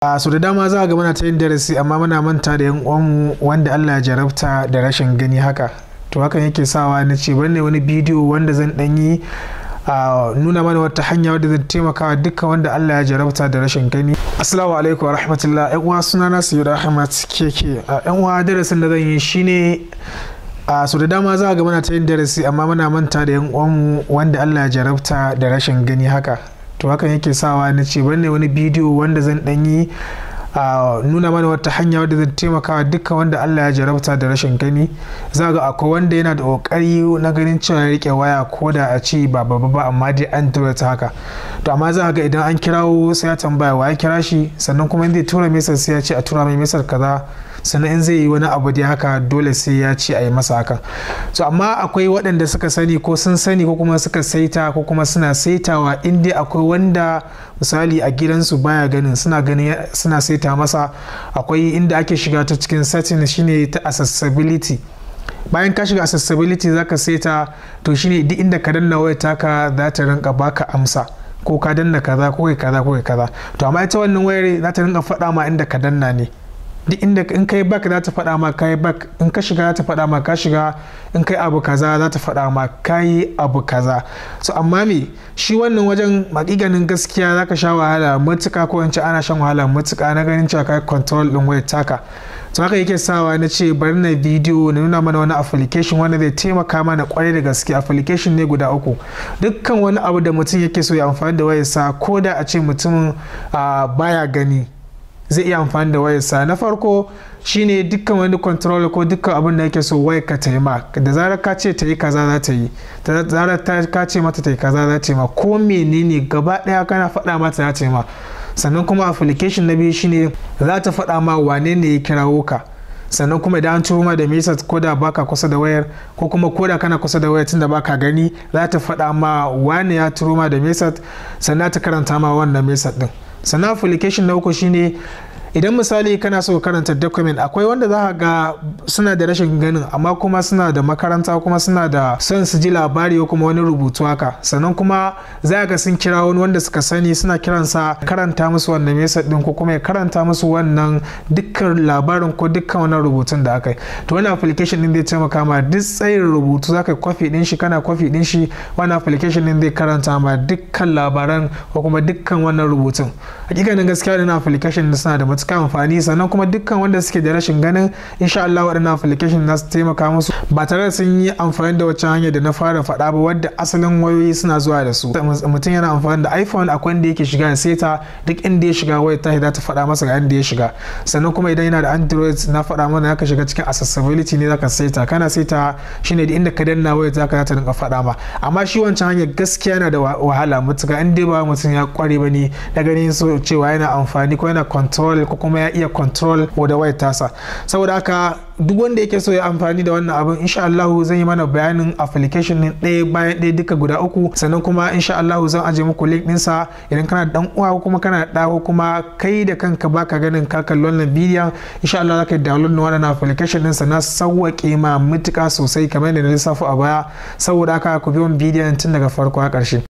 a ah, so da dama za a ga ta yin darasi amma muna manta da yan uwanmu wanda Allah ya jarabta da rashin gani haka to hakan yake sawa na ce bari ne wani bidiyo wanda zan dan yi a nuna mana wata hanya wadda zan taimakawa duka wanda Allah ya jarabta da rashin gani assalamu alaikum wa rahmatullah yan uwa suna na sayyid ahmad keke yan uwa darasin da zan yi shine a so da dama za a ta yin darasi amma muna manta da yan uwanmu wanda Allah ya jarabta da rashin gani haka to hakan yake sawa na ce bari ne wani bidiyo wanda zan dan yi a nuna mana wata hanya wadda zan taimakawa dukkan wanda Allah ya jarabta da rashin gani za ga akwai wanda yana da kokari na ganin cewa ya rike waya ko da a ce ba babba ba amma dai an tura ta haka to amma za ga idan an kirawo sai ya tambaya wa ya kira shi sannan kuma inda ya tura mesar sai ya ce a tura mai mesar kaza sannan zai yi wani abu da haka dole sai ya ce a yi masa haka so amma akwai waɗanda suka sani ko sun sani ko kuma suka saita ko kuma suna saitawa inda akwai wanda misali a gidansu baya ganin suna ganin suna saita masa akwai inda ake shiga ta cikin setting shine ta accessibility bayan ka shiga accessibility zaka saita to shine duk inda ka danna wayar taka za ta rinka baka amsa ko ka danna kaza ko kai kaza ko kai kaza to amma ita wannan wayar za ta rinka faɗa ma inda ka danna ne duk inda in kai bak za ta faɗa ma kai bak in ka shiga za ta faɗa ma ka shiga in kai abu kaza za ta faɗa ma kai abu kaza so amma me shi wannan wajen maƙiganin gaskiya zaka sha wahala matuka ko in ana shan wahala matuka na ganin cewa kai control ɗin wayar taka to haka yake sawa na ce bari na bidiyo na nuna mana wani application wanda zai taimaka mana kwarai da gaske application ne guda uku dukkan wani abu da mutum yake so ya amfani da wayarsa ko da a ce mutum ah, baya gani zai iya amfani da wayarsa na farko shine dukkan wani control ko dukkan abin da yake so wayar ka ta yi ma da zarar ka ce ta yi kaza za ta yi da zarar ka ce mata ta yi kaza za ta yi ma ko menene gaba daya kana faɗa mata za ta yi ma sannan kuma application na biyu shine za ta faɗa ma wane ne ya kirawo ka sannan kuma idan an ma da mesa ko da baka kusa da wayar ko kuma ko da kana kusa da wayar tunda baka gani za ta faɗa ma wane ya turo ma da mesa sannan ta karanta ma wannan mesa din sannan application na uku shine idan misali kana so karanta document akwai wanda za ka ga suna da rashin ganin amma kuma suna da makaranta kuma suna da son su ji labari ko kuma wani rubutu haka sannan kuma za ga sun kira wani wanda suka sani suna kiransa karanta musu wannan mesa din ko kuma ya karanta musu wannan dukkan labarin ko dukkan wannan rubutun da aka yi to wannan application din zai taimaka ma duk tsayin rubutu za ka kwafi din shi kana kwafi din shi wannan application din zai karanta ma dukkan labaran ko kuma dukkan wannan rubutun hakikanin gaskiya wannan application suna da matuƙar suka amfani sannan kuma dukkan wanda suke da rashin ganin insha Allah waɗannan application na su taimaka musu ba tare da sun yi amfani da wacce hanyar da na fara faɗa ba wadda asalin wayoyi suna zuwa da su mutum yana amfani da iPhone akwai wanda yake shiga seta duk inda ya shiga wayar ta za ta faɗa masa ga inda ya shiga sannan kuma idan yana da Android na faɗa mana ya ka shiga cikin accessibility ne zaka seta kana seta shine da inda ka danna wayar zaka za ta rinka faɗa ma amma shi wancan hanya gaskiya yana da wahala mutuka in dai ba mutum ya kware ba ne na ganin so cewa yana amfani ko yana control ko kuma ya iya control da waya tasa saboda haka duk wanda yake so ya amfani da wannan abin insha Allah zan yi mana bayanin application din ɗaya bayan ɗaya duka guda uku sannan kuma insha Allah zan aje muku link din sa idan kana dan uwa ko kuma kana da ko kuma kai da kanka baka ganin ka kalli wannan bidiyon insha Allah zaka download ne wannan application din sa na ma mutuka sosai kamar yadda na lissafo a baya saboda haka ku bi wannan bidiyon tun daga farko a ƙarshe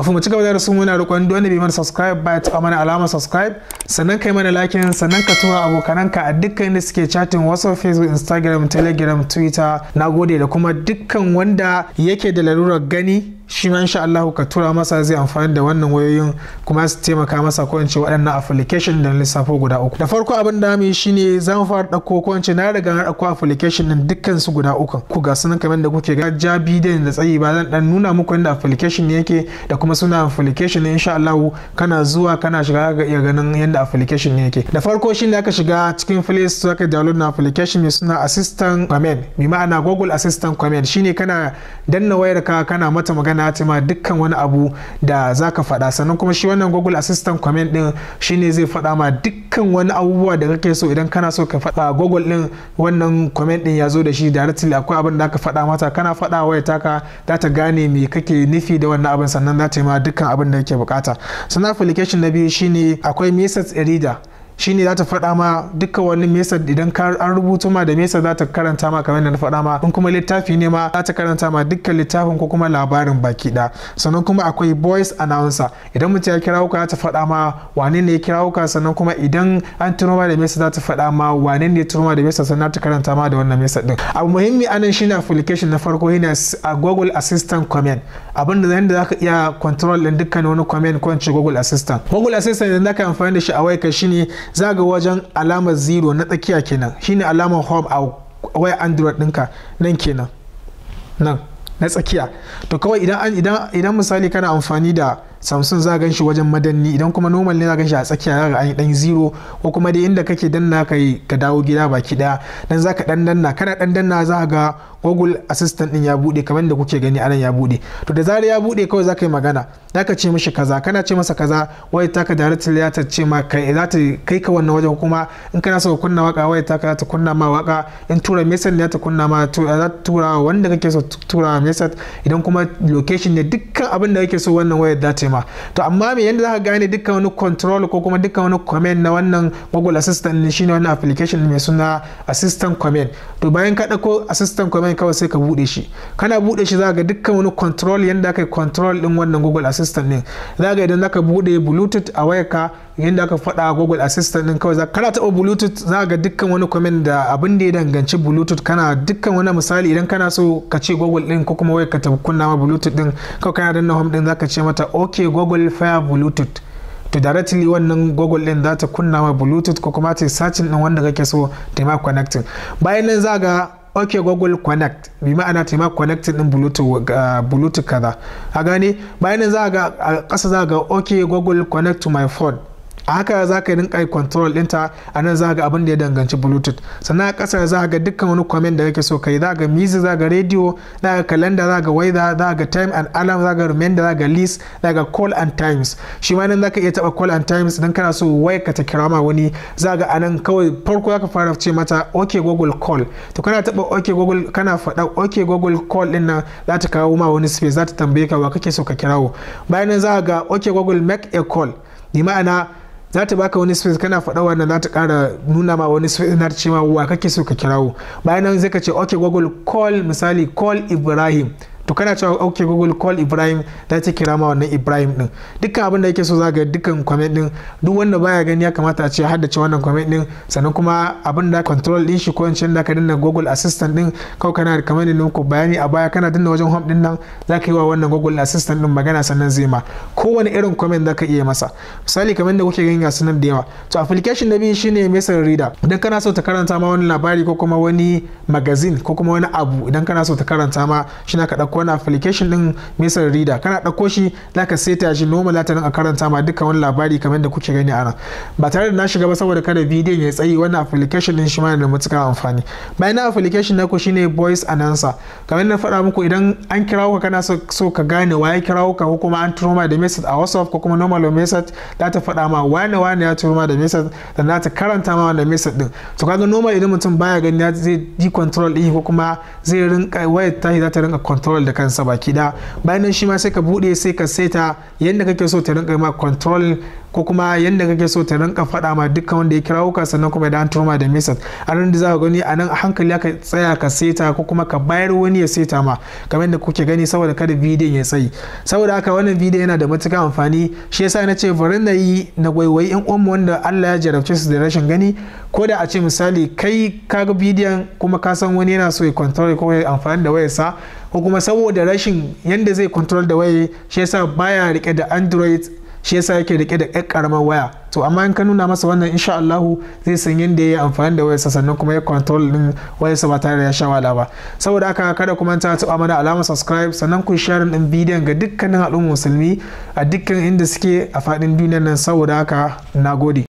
kafin mu ci gaba da rasu muna roƙon duk wanda bai mana subscribe ba ya taɓa mana alamar subscribe sannan kai mana like sannan ka tura abokananka a dukkan da suke chatting whatsapp facebook instagram telegram twitter nagode da kuma dukkan wanda yake da larurar gani shi ma insha Allah ka tura masa zai amfani da wannan wayoyin kuma su taimaka masa ko ce waɗannan application da lissafo guda uku da farko abin da mu shine za mu fara dauko ko ce na riga na dauko application din dukkan su guda uku ku ga sunan kamar da kuke ga ja bidiyon da tsayi ba zan dan nuna muku yadda application yake da kuma suna application ne insha Allah kana zuwa kana shiga ga iya ganin yanda application yake da farko shine aka shiga cikin Play Store ka download na application mai suna Assistant Command mai ma'ana Google Assistant Command shine kana danna ka kana mata magana na ma dukkan wani abu da zaka faɗa sannan kuma shi wannan google assistant comment din shine zai faɗa ma dukkan wani abubuwa da kake so idan kana so ka faɗa google din wannan comment ɗin ya zo da shi directly akwai abin da ka faɗa mata kana faɗa waya taka za ta gane me kake nufi da wannan abin sannan za ta yi ma dukkan abin da kake bukata sannan application na biyu shine akwai message reader shine za ta faɗa ma dukkan wani mesa idan an rubuto ma da mesa za ta karanta ma kamar yadda na faɗa ma in kuma littafi ne ma za ta karanta ma dukkan littafin ko kuma labarin baki da sannan kuma akwai voice announcer idan mutum ya kira ka za ta faɗa ma wane ne ya kira ka sannan kuma idan an turo ma da mesa za ta faɗa ma wane ne ya turo ma da mesa sannan ta karanta ma da wannan mesa din abu muhimmi anan shine application na farko yana a google assistant comment abinda zan da zaka iya control din dukkan wani comment ko google assistant google assistant idan zaka amfani da shi a shi shine za ga wajen alamar zero na tsakiya kenan shine alamar home a waya android ɗinka nan kenan nan na tsakiya to kawai idan misali kana amfani da samsung za gan shi wajen madanni idan kuma normal ne za gan shi a tsakiya za ga an dan zero ko kuma dai inda kake danna kai ka dawo gida baki daya dan za ka dan danna kana dan danna za ga google assistant din ya bude kamar da kuke gani anan ya bude to da zarar ya bude kawai zaka yi magana zaka ce mishi kaza kana ce masa kaza wai ka direct ya ta ce ma kai za ta kai ka wannan wajen kuma in kana so kunna waka wai ta za ta kunna ma waka in tura message ne ta kunna ma za ta tura wanda kake so tura message idan kuma location ne dukkan abin da kake so wannan wayar za ta ma to amma me yanda zaka gane dukkan wani control ko kuma dukkan wani command na wannan google assistant ne shine wannan application mai suna assistant command to bayan ka dauko assistant command domin kawai sai ka bude shi kana bude shi za ga dukkan wani control yanda aka yi control din wannan google assistant din za ga idan zaka bude bluetooth a wayarka yanda aka fada a google assistant din kawai kana taɓa bluetooth za ga dukkan wani comment da abin da ya danganci bluetooth kana dukkan wani misali idan kana so ka ce google din ko kuma wayarka ta kunna ma bluetooth din kawai kana danna home din zaka ce mata ok google fire bluetooth to directly wannan google din za ta kunna ma bluetooth ko kuma ta yi searching din wanda kake so ta ma connecting bayan nan za ga ok google connect bi ma'ana ta connect connecting din bluetooth kaza a gane bayan za ga a ƙasa za ga ok google connect to my phone a haka za ka rinka control ɗinta a nan za ga abin da ya danganci bluetooth sannan a ƙasar za ga dukkan wani comment da kake so kai za ga music za ga radio za ga calendar za ga weather za ga time and alarm za ga reminder za ga list za ga call and times shi ma nan za ka iya taɓa call and times idan kana so wai ka ta kira ma wani za ga a nan kawai farko za ka fara ce mata ok google call to kana taɓa ok google kana faɗa ok google call ɗin nan za ta kawo ma wani space za ta tambaye ka wa kake so ka kirawo bayan nan za ga ok google make a call ni ma'ana za ta baka wani space kana faɗa wannan za ta ƙara nuna ma wani space na ce ma wa kake so ka kirawo bayan nan zai ka ce okay google call misali call ibrahim to kana cewa ok google call ibrahim ta ce kira ma wannan ibrahim din dukkan abin da yake so zaga dukkan comment din duk wanda baya gani ya kamata a ce haddace wannan comment din sannan kuma abin da control din shi ko in da ka dinna google assistant din kawai kana kamar ne ko bayani a baya kana dinna wajen home din nan zaka yi wa wannan google assistant din magana sannan zai ma kowane irin comment ka iya masa misali kamar da kuke gani ga sunan da yawa to application na biyu shine messenger reader idan kana so ta karanta ma wani labari ko kuma wani magazine ko kuma wani abu idan kana so ta karanta ma shi na ka dauko wani application din mesar reader kana ɗauko shi za ka seta shi normal za ta a karanta ma dukkan wani labari kamar da kuke gani a ba tare da na shiga ba saboda kada bidiyon ya tsayi wani application din shi ma da matukar amfani bayan na application na ku shine voice announcer kamar na fada muku idan an kirawo ka kana so ka gane wa ya kirawo ka ko kuma an turo ma da message a whatsapp ko kuma normal message za ta faɗa ma wani wani ya turo ma da message na ta karanta ma wani message din to kaga normal idan mutum baya gani zai ji control din ko kuma zai rinka wayar tashi za ta rinka control da kansa baki da bayan nan shi ma sai ka bude sai ka seta yadda kake so ta rinka ma control ko kuma yadda kake so ta rinka faɗa ma dukkan wanda ya kirawo ka sannan kuma idan turma da mesas a ranar da za ka gani a nan a hankali ka tsaya ka seta ko kuma ka bayar wani ya seta ma kamar yadda kuke gani saboda kada bidiyon ya tsayi saboda haka wannan bidiyon yana da matuƙar amfani shi yasa na ce bari na yi na gwaiwayi yan uwanmu wanda Allah ya jarabce su da rashin gani ko da a ce misali kai ka ga bidiyon kuma ka san wani yana so ya control ko ya amfani da wayarsa ko kuma saboda rashin yadda zai control da waye shi yasa baya rike da android shi yasa yake rike da ƴar karamar waya to amma in ka nuna masa wannan insha allahu zai san yadda ya yi amfani da wayarsa sannan kuma ya control din wayarsa ba tare da ya sha wala ba saboda haka kada ku manta taɓa mana alama subscribe sannan ku share din bidiyon ga dukkanin al'ummar musulmi a dukkan inda suke a faɗin duniyar nan saboda haka nagode